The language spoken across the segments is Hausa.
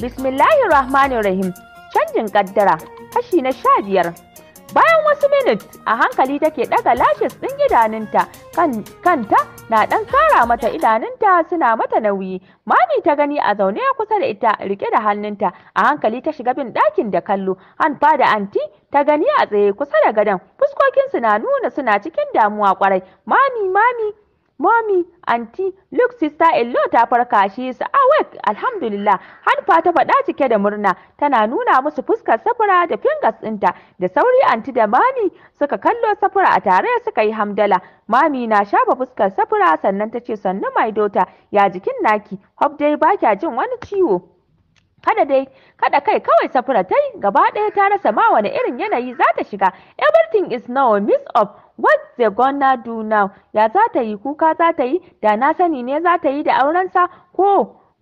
Bismillahir Rahmanir Rahim canjin kaddara kashi na sha biyar. Bayan wasu minit a hankali take ɗaga lashes ɗin idanunta kan, kanta na ɗan kara mata idanunta suna mata nauyi. Mami ta gani a zaune kusa da ita rike da hannunta a hankali ta shiga bin ɗakin da kallo. Hanfa da anti ta gani a tsaye kusa da gadon fuskokinsu na nuna suna cikin damuwa kwarai. Mami mami Mommy, Aunty, look sister Ello ta farka shi su awake alhamdulillah. Hanfa ta faɗa cike da murna tana nuna musu fuskar safura da fingers ɗinta da sauri Aunty da Mami suka kallo safura a tare suka yi hamdala. Mami na shafa fuskar safura sannan ta ce sannu my daughter ya jikin naki hope dai ba kya jin wani ciwo. kada dai kada kai kawai safura tai gaba ɗaya ta rasa ma wani irin yanayi za ta shiga everything is now a mix of what they gonna do now ya za ta yi kuka za ta yi da na sani ne za ta yi da aurensa ko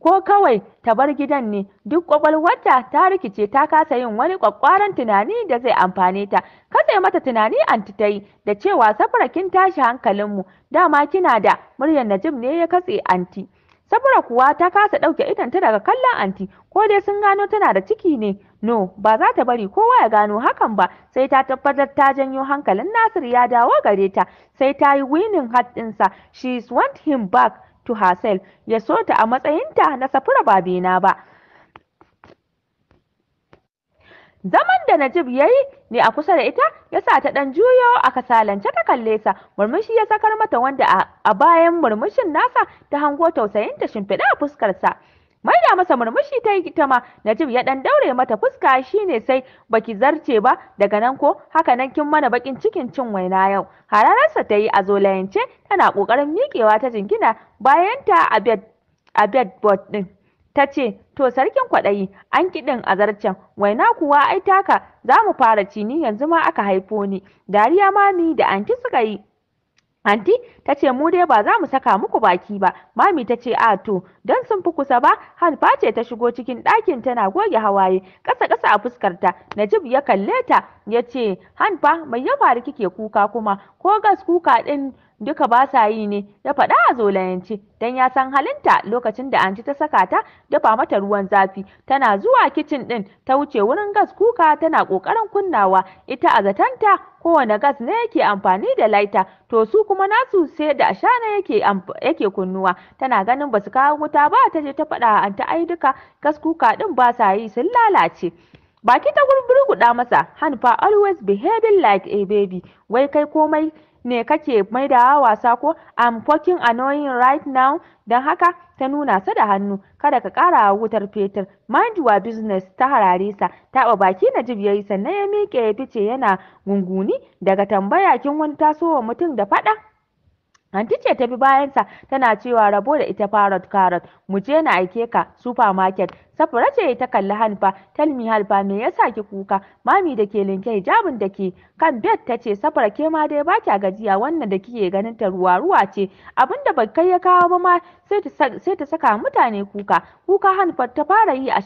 ko kawai ta bar gidan ne duk kwakwalwarta ta rikice ta kasa yin wani kwakwaran tunani da zai amfane ta kasa mata tunani anti ta yi da cewa safara kin tashi hankalinmu dama kina da muryar najib ne ya katse anti Safura kuwa ta kasa ɗauke idonta daga kallon anti, ko dai sun gano tana da ciki ne. No, ba za ta bari kowa ya gano hakan ba, sai ta tabbatar ta janyo hankalin Nasir ya dawo gare ta, sai ta yi winning hat ɗinsa, "She's want him back to herself, ya so ta a matsayinta na safura ba bena ba. Zaman da Najib ya yi ne a kusa da ita ya sa ta ɗan juyo a kasalance ta kalle sa murmushi ya sakar mata wanda a bayan murmushin nasa ta hango tausayin ta shimfiɗa a fuskarsa. da masa murmushi ta yi ita ma Najib ya ɗan daure mata fuska shine sai baki zarce ba daga nan ko haka nan kin mana bakin cikin cin waina yau. sa ta yi a zolayance tana ƙoƙarin miƙewa ta jingina bayanta a bed a ɗin. ta ce to sarkin kwaɗayi an kiɗin a zarcen waina kuwa ai taka za mu fara cini yanzu ma aka haifo ni dariya ma ni da anti suka yi Anti ta ce mu dai ba za mu saka muku baki ba, mami ta ce a to, don sun fi kusa ba, hanfa ce ta shigo cikin ɗakin tana goge hawaye, ƙasa-ƙasa a fuskarta, Najib ya kalle ta ya ce, hanfa mai ya faru kike kuka kuma, ko gas kuka ɗin duka ba sa yi ne ya faɗa a zolayance dan ya san halinta lokacin da anti ta saka ta dafa mata ruwan zafi tana zuwa kicin ɗin, ta wuce wurin gas kuka tana ƙoƙarin kunnawa ita a zatanta kowane gas ne yake amfani da laita to su kuma nasu sai da ashana yake yake kunnuwa tana ganin basu kawo wuta ba ta je ta faɗa anti ai duka gas kuka ɗin ba sa yi sun lalace baki ta gurgurguda masa hanfa always behaving like a baby wai kai komai ne kake maidawa wasa ko I'm fucking annoying right now don haka ta nuna sa da hannu kada ka ƙara wutar fetur mind your business ta harare sa taɓa baki na jib yayi sannan ya mike ya fice yana gunguni daga tambaya kin wani tasowa mutum da faɗa Anti ce ta bi bayansa tana cewa rabo da ita parrot carrot mu je na aike ka supermarket safura ce ta kalli hanfa tell me ya me yasa ki kuka mami da ke linke hijabin da ke kan bed ta ce safura ke ma dai ba kya gajiya wannan da kike ganin ta ruwa ruwa ce Abin da kai ya kawo ba ma sai ta saka mutane kuka kuka hanfa ta fara yi a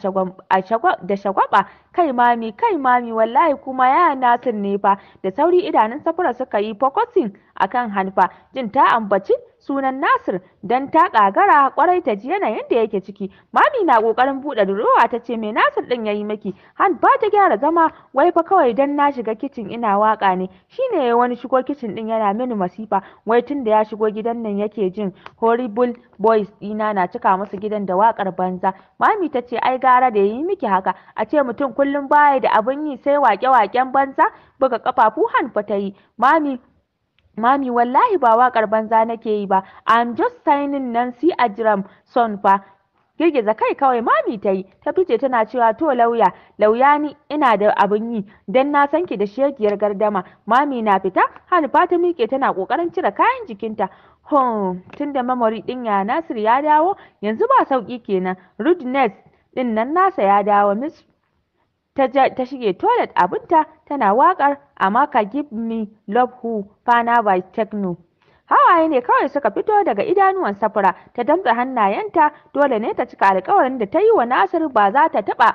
da shagwaba kai mami kai mami wallahi kuma ya nasin ne fa da sauri idanun safura suka yi focusing akan hanifa, jin ta ambaci sunan Nasir don ta kagara kwarai ta ji yanayin da yake ciki. Mami na kokarin buɗe durowa ta ce me Nasir din yayi maki? Han ba ta gyara zama wai fa kawai dan na shiga kicin ina waka ne. Shine ya wani shigo kicin ɗin yana mini masifa wai tun da ya shigo gidan nan yake jin horrible boys dina na cika masa gidan da wakar banza. Mami ta ce ai gara da ya yi miki haka a ce mutum kullum baya da abin yi sai wake-waken banza buga kafafu han fa ta yi. Mami Mami wallahi ba waƙar banza nake yi ba, I'm just signing Nancy Ajram son fa. Girgiza kai kawai mami ta yi, ta fice tana cewa to lauya, lauya ni ina da abin yi, don na san ki da shegiyar gardama. Mami na fita, Hanifa ta miƙe tana ƙoƙarin cire kayan jikinta. Hon, tun memory mamori ɗin ya Nasir ya dawo, yanzu ba sauƙi kenan. Rudness ɗin nan nasa ya dawo, Miss ta shige toilet abinta tana wakar Amaka Give Me Love Who Fana by Techno. Hawaye ne kawai suka fito daga idanuwan safura ta damtsa hannayenta dole ne ta cika alkawarin da ta yi wa Nasir ba za ta taɓa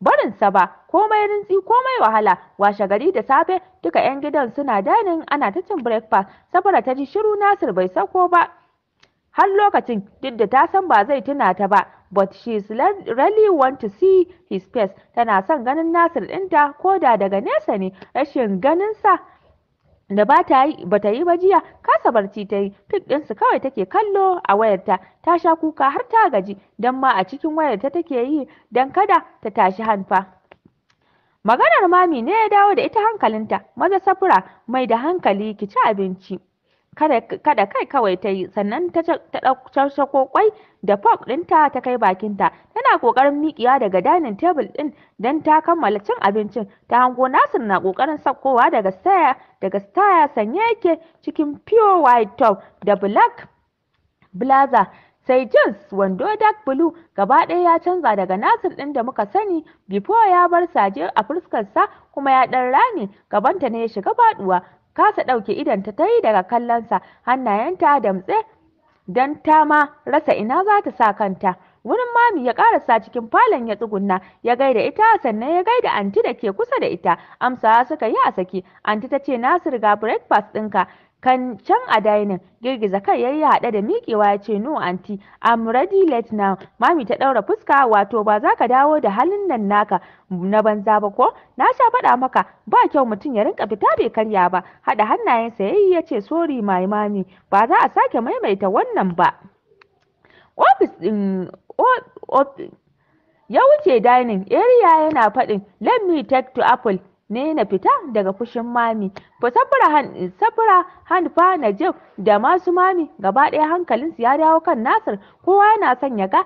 barinsa ba komai rintsi komai wahala washe gari da safe duka 'yan gidan suna danin ana ta cin breakfast safura ta ji shiru Nasir bai sauko ba har lokacin duk da ta san ba zai tuna ta ba but she is really want to see his face tana son ganin Nasir ɗinta ko da daga nesa ne rashin ganin sa da ba ta yi ba ta yi ba jiya kasa barci ta yi fik su kawai take kallo a wayarta ta sha kuka har ta gaji don ma a cikin wayarta take yi don kada ta tashi hanfa maganar mami ne ya dawo da ita hankalinta maza safura mai da hankali ki ci abinci kada kai kawai ta yi sannan ta ɗauko kwai da fork ɗinta ta kai bakinta tana ƙoƙarin miƙiya daga dining table ɗin dan ta kammala cin abincin ta hango nasir na kokarin sakkowa daga staya daga staya sanye yake cikin pure white top da black blazer sai jeans wando dark blue gaba ɗaya ya canza daga nasir ɗin da muka sani before ya bar saje a fuskarsa kuma ya ɗan rani gabanta ne ya shiga faɗuwa kasa ɗauke idan ta yi daga kallonsa hannayenta damtse don ta ma rasa ina za ta sa kanta wurin mami ya karasa cikin falon ya tsugunna ya gaida ita sannan ya gaida anti da ke kusa da ita Amsawa suka yi a saki anti ta ce nasir ga breakfast ɗinka kan can a dining girgiza kai yayi haɗe da mikewa ya ce no anti I'm ready late now mami ta ɗaura fuska wato ba za ka dawo da halin nan naka na banza ba ko na sha faɗa maka ba kyau mutum ya rinka fita bai karya ba haɗa hannayensa yayi ya ce sorry my mami ba za a sake maimaita wannan ba ofis ɗin Ya wuce dining area yana faɗin "let me take to apple" ne na fita daga fushin Mami, fa Safra Hand fa jeff da masu Mami gaba ɗaya hankalinsu ya dawo kan Nasir, kowa yana son ya ga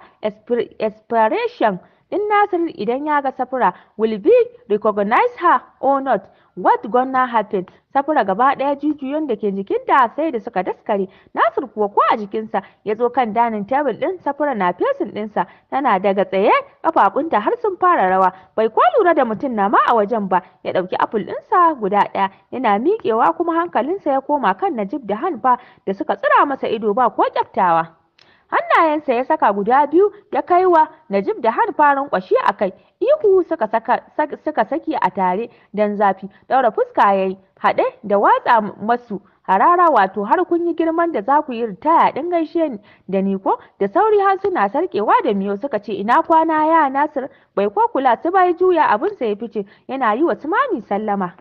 expiration in Nasir idan ya ga Safura will be recognize her or not what gonna happen Safura gaba ɗaya jijiyoyin da ke jikinta sai da suka daskare Nasir kuwa ko a jikinsa ya zo kan danin tebul ɗin Safura na fesin ɗinsa tana daga tsaye kafafunta har sun fara rawa bai kwa lura da mutum na ma a wajen ba ya ɗauki apple ɗinsa guda ɗaya yana miƙewa kuma hankalinsa ya koma kan Najib da Hanfa da suka tsira masa ido ba ko kyaftawa. hannayensa ya saka guda biyu ya kai wa najib da har farin kwashi a kai ihu suka saka saki a tare dan zafi daura fuska yayi haɗe da watsa masu harara wato har kun yi girman da za ku yi ritaya din gaishe da ni ko da sauri har suna sarkewa da miyo suka ce ina kwana ya nasir bai ko kula su bai juya abun ya fice yana yi wa tumani sallama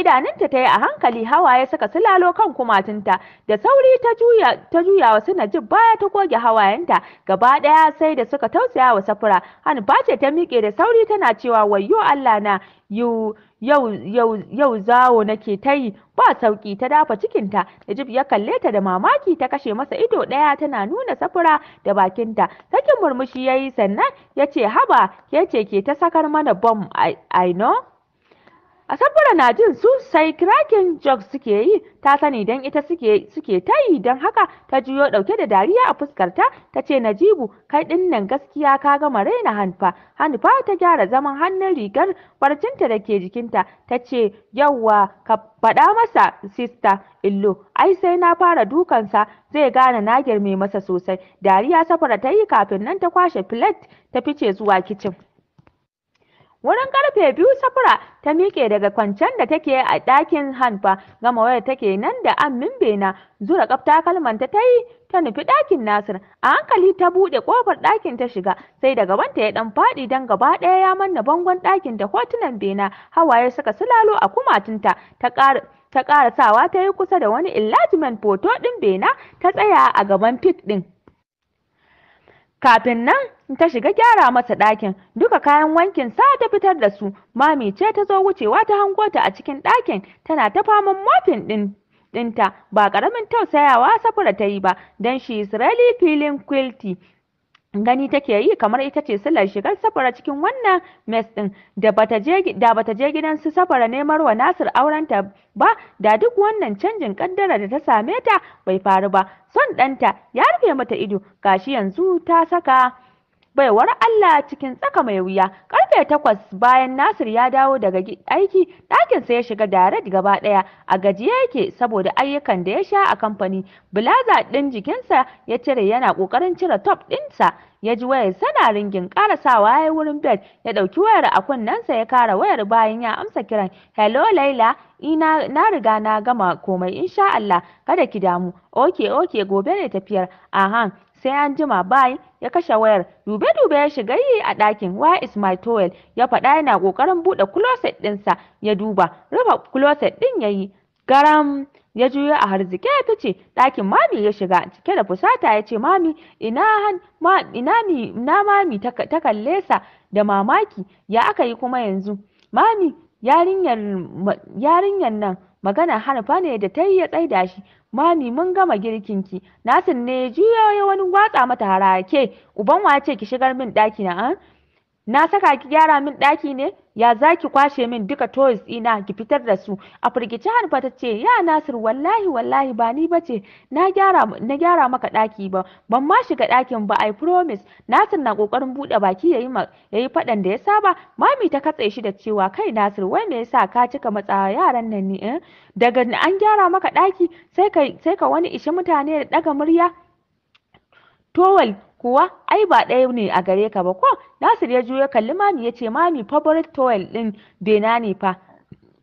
idanunta ta yi a hankali hawaye suka silalo kan kumatunta da sauri ta juya ta juya wa suna jib baya ta goge hawayenta gaba ɗaya sai da suka tausaya wa safura hannu ce ta miƙe da sauri tana cewa wayyo Allah na yau yau zawo nake ta yi ba sauki ta dafa cikinta Najib ya kalle ta da mamaki ta kashe masa ido ɗaya tana nuna safura da bakinta sakin murmushi ya yi sannan ya ce haba ke ce ke ta sakar mana bom I know A safara na jin su sai cracking jokes suke yi ta sani dan ita suke suke ta yi don haka ta juyo dauke da dariya a fuskarta ta ce Najibu kai din nan gaskiya ka gama raina Hanfa Hanfa ta gyara zaman hannun rigar barcinta da ke jikinta ta ce yawwa ka faɗa masa sista Illo ai sai na fara dukansa zai gane na girme masa sosai dariya safara ta yi kafin nan ta kwashe plate ta fice zuwa kicin. Wurin karfe biyu safura ta miƙe daga kwancen da take a ɗakin hanfa gama wayar take nan da amin bena zura kaf takalman ta yi ta nufi ɗakin Nasir a hankali ta buɗe ƙofar ɗakin ta shiga sai daga wanta ya ɗan faɗi don gaba ɗaya ya manna bangon ɗakin ta, hotunan bena hawaye suka silalo a kumatunta ta ƙara ta ƙarasawa ta yi kusa da wani enlargement foto ɗin bena ta tsaya a gaban fit ɗin kafin nan ta shiga gyara masa ɗakin duka kayan wankin sa ta fitar da su mami ce ta zo wucewa ta hango ta a cikin ɗakin tana ta faman mofin ɗin ɗinta ba ƙaramin tausayawa safura ta yi ba don shi Israeli filin quilty gani take yi kamar ita ce silar shigar safara cikin wannan mes ɗin, da bata je gidan su safara nemar wa Nasir aurenta ba da duk wannan canjin kaddara da ta same ta bai faru ba son ɗanta ya rufe mata ido gashi yanzu ta saka baiwar Allah cikin tsaka mai wuya karfe takwas bayan Nasir ya dawo daga aiki ɗakinsa ya shiga direct gaba ɗaya a gajiye yake saboda ayyukan da ya sha a kamfani blazer ɗin jikinsa ya cire yana ƙoƙarin cire top ɗinsa ya ji wayar sana ringin karasawa ya yi wurin bed ya ɗauki wayar a kunnensa ya kara wayar bayan ya amsa kiran hello laila ina na riga na gama komai insha Allah kada ki damu oke oke gobe ne tafiyar ahan sai an jima bayan ya kashe wayar dube-dube ya shiga yi a ɗakin Why is my towel ya faɗa yana ƙoƙarin buɗe closet ɗinsa ya duba rufe closet ɗin ya yi garam ya juya a harzike ya ce, ɗakin mami ya shiga cike da fusata ya ce mami ina mi na mami ta kalle sa da mamaki ya aka yi kuma yanzu mami yarinyar nan Magana harfa ne da ta yi ya tsaida shi. Mami mun gama girkin ki. nasin ne ya juyo ya wani watsa mata harake. Uban wa ki shigar min ɗaki na an? Ah? Na saka ki gyara min ɗaki ne? Ya za ki kwashe min duka toys ɗina ki fitar da su? A firgice Hanifa ta ce, Ya Nasir wallahi wallahi ba ni ba ce, na gyara maka ɗaki ba, ban ma shiga ɗakin ba I promise. Nasir na ƙoƙarin buɗe baki ya yi faɗan da ya saba, mami ta katse shi da cewa kai Nasir wai me yasa ka cika matsa yaran nan ne? Eh? Daga an gyara maka ɗaki sai ka wani ishi mutane da ɗaga murya? Towel kuwa ai ba ɗaya ne a gare ka ba ko Nasir ya juya kalli mami ya ce mami favorite towel ɗin bena ne fa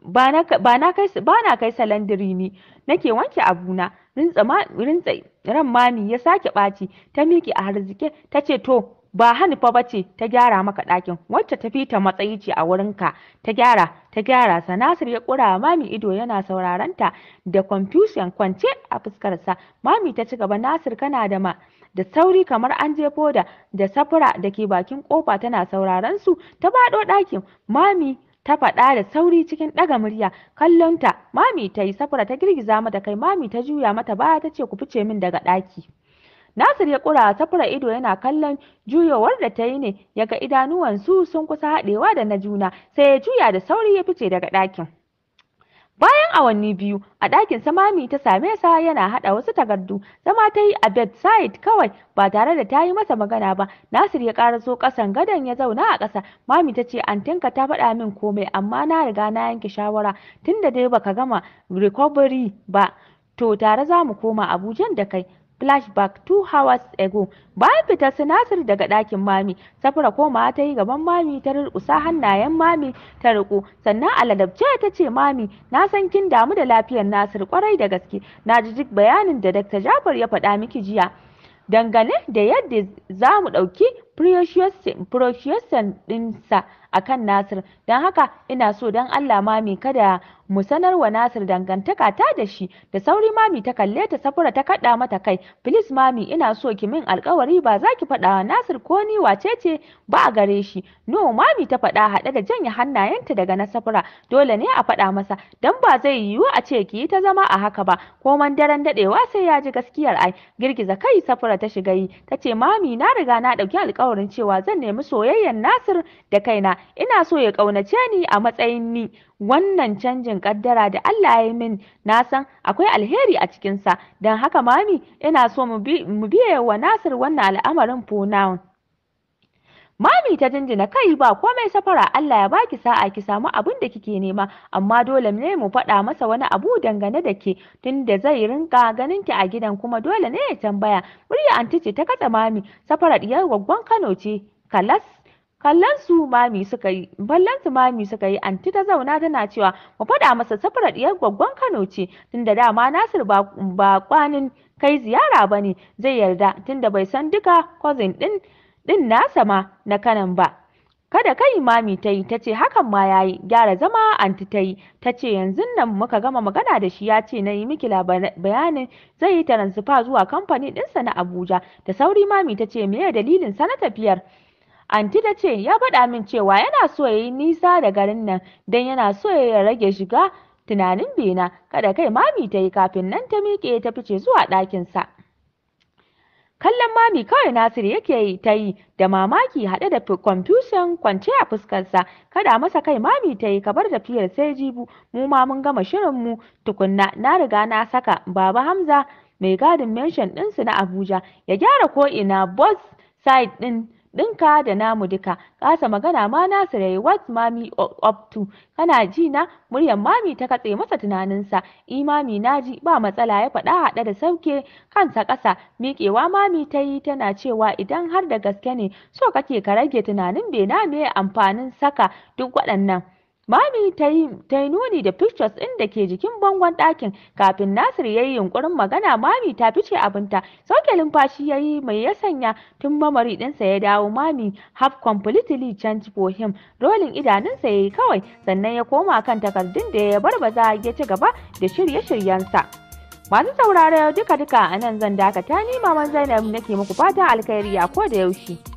ba na kai sa landiri ne nake wanke abuna rintsa ran mami ya sake ɓaci ta miƙe a harzike ta ce to ba hanifa ba ce ta gyara maka ɗakin wacce ta fita matsayi ce a wurinka ta gyara ta gyara sa nasir ya ƙura mami ido yana sauraron ta da confusion kwance a fuskarsa mami ta ci gaba nasir kana da ma da sauri kamar an jefo da da safura da ke bakin kofa tana sauraron su ta bado ɗakin mami ta faɗa da sauri cikin ɗaga murya ta mami ta yi safura ta girgiza mata kai mami ta juya mata baya ta ce ku fice min daga ɗaki Nasir ya kura safura ido yana kallon juyowar da ta yi ne ya ga su sun kusa haɗewa da na juna sai ya juya da sauri ya fice daga ɗakin. Bayan awanni biyu a ɗakin samami ta same sa yana haɗa wasu takardu, zama ta yi a bedside kawai ba tare da ta yi masa magana ba. Nasir ya ƙaraso ƙasan gadon ya zauna a ƙasa. Mami ta ce antinka ta faɗa min komai amma na riga na yanke shawara tunda dai baka gama recovery ba. To tare za mu koma Abuja da kai. flashback two hours ago bayan fitar sinasir daga ɗakin mami safra koma ta yi gaban mami ta rurkusa hannayen mami ta riko sannan aladabce ta ce mami na san kin damu da lafiyar nasir kwarai da gaske na ji duk bayanin da dr jafar ya faɗa miki jiya dangane da yadda za mu ɗauki Precious dinsa a kan Nasir, don haka ina so don Allah Mami kada mu sanarwa Nasir dangantaka ta da shi, da sauri Mami ta kalle ta Safura ta kaɗa mata kai, Please Mami ina so ki min alkawari ba za ki fada wa Nasir ko ni wacece ba a gare shi. No Mami ta faɗa haɗe da janye hannayenta daga na Safura, dole ne a faɗa masa, don ba zai yiwu a ce ki yi ta zama a haka ba, ko man daren daɗewa sai ya ji gaskiyar ai, girgiza kai Safura ta shiga yi, ta ce Mami na riga na ɗauki alkawari. alƙawarin cewa zan nemi soyayyar Nasir da kaina ina so ya ƙaunace ni a matsayin ni wannan canjin ƙaddara da Allah ya yi min na san akwai alheri a cikinsa don haka mami ina so mu biye wa Nasir wannan al'amarin pronoun Mami ta jinjina kai ba komai safara Allah ya baki sa'a ki samu abin da kike nema amma dole ne mu faɗa masa wani abu dangane da ke tunda zai rinka ganin ki a gidan kuma dole ne ya tambaya. Murya anti ce ta kada mami safara diyar gwaggon Kano ce kalas kallon su mami suka yi ballon su mami suka yi anti ta zauna tana cewa mu faɗa masa safara diyar gwaggon Kano ce tunda dama Nasir ba kwanin kai ziyara bane zai yarda tunda bai san duka cousin din ɗin nasa ma na kanan ba kada kai mami ta yi ta ce hakan ma ya yi gyara zama anti ta yi ta ce yanzu nan muka gama magana da shi ya ce na yi miki bayanin zai yi taransifa zuwa kamfani ɗinsa na abuja da sauri mami ta ce meye dalilin sa na tafiyar anti ta ce ya faɗa min cewa yana so ya yi nisa da garin nan don yana so ya rage shiga tunanin bena kada kai mami ta yi kafin nan ta miƙe ta fice zuwa ɗakinsa. Kallon mami kawai Nasiru yake yi ta yi da mamaki haɗe da confusion kwance a fuskarsa. Kada masa kai mami ta yi kabar tafiyar sai jibu mu ma mun gama shirin mu tukunna na riga na saka baba Hamza mai gadin menshin ɗinsu na Abuja ya gyara ko'ina ina boss side ɗin ɗinka da namu duka kasa magana ma Nasir yayi what mami up to kana ji na muryar mami ta katse masa tunaninsa imami naji ba matsala ya faɗa haɗe da sauke kansa ƙasa miƙewa mami ta yi tana cewa idan har da gaske ne so kake ka rage tunanin bai na me amfanin saka duk waɗannan Mami ta yi nuni da pictures ɗin da ke jikin bangon ɗakin kafin Nasir ya yi yunƙurin magana Mami ta fice abinta. Sauke numfashi ya yi mai ya sanya tun mamari ɗinsa ya dawo Mami have completely changed for him. rolling idanunsa ya yi kawai sannan ya koma kan takardun da ya barbaza ya ci gaba da shirye-shiryensa. Masu sauraro duka-duka a nan zan dakata ni Maman Zainab nake muku fata alkhairi a ko da yaushe.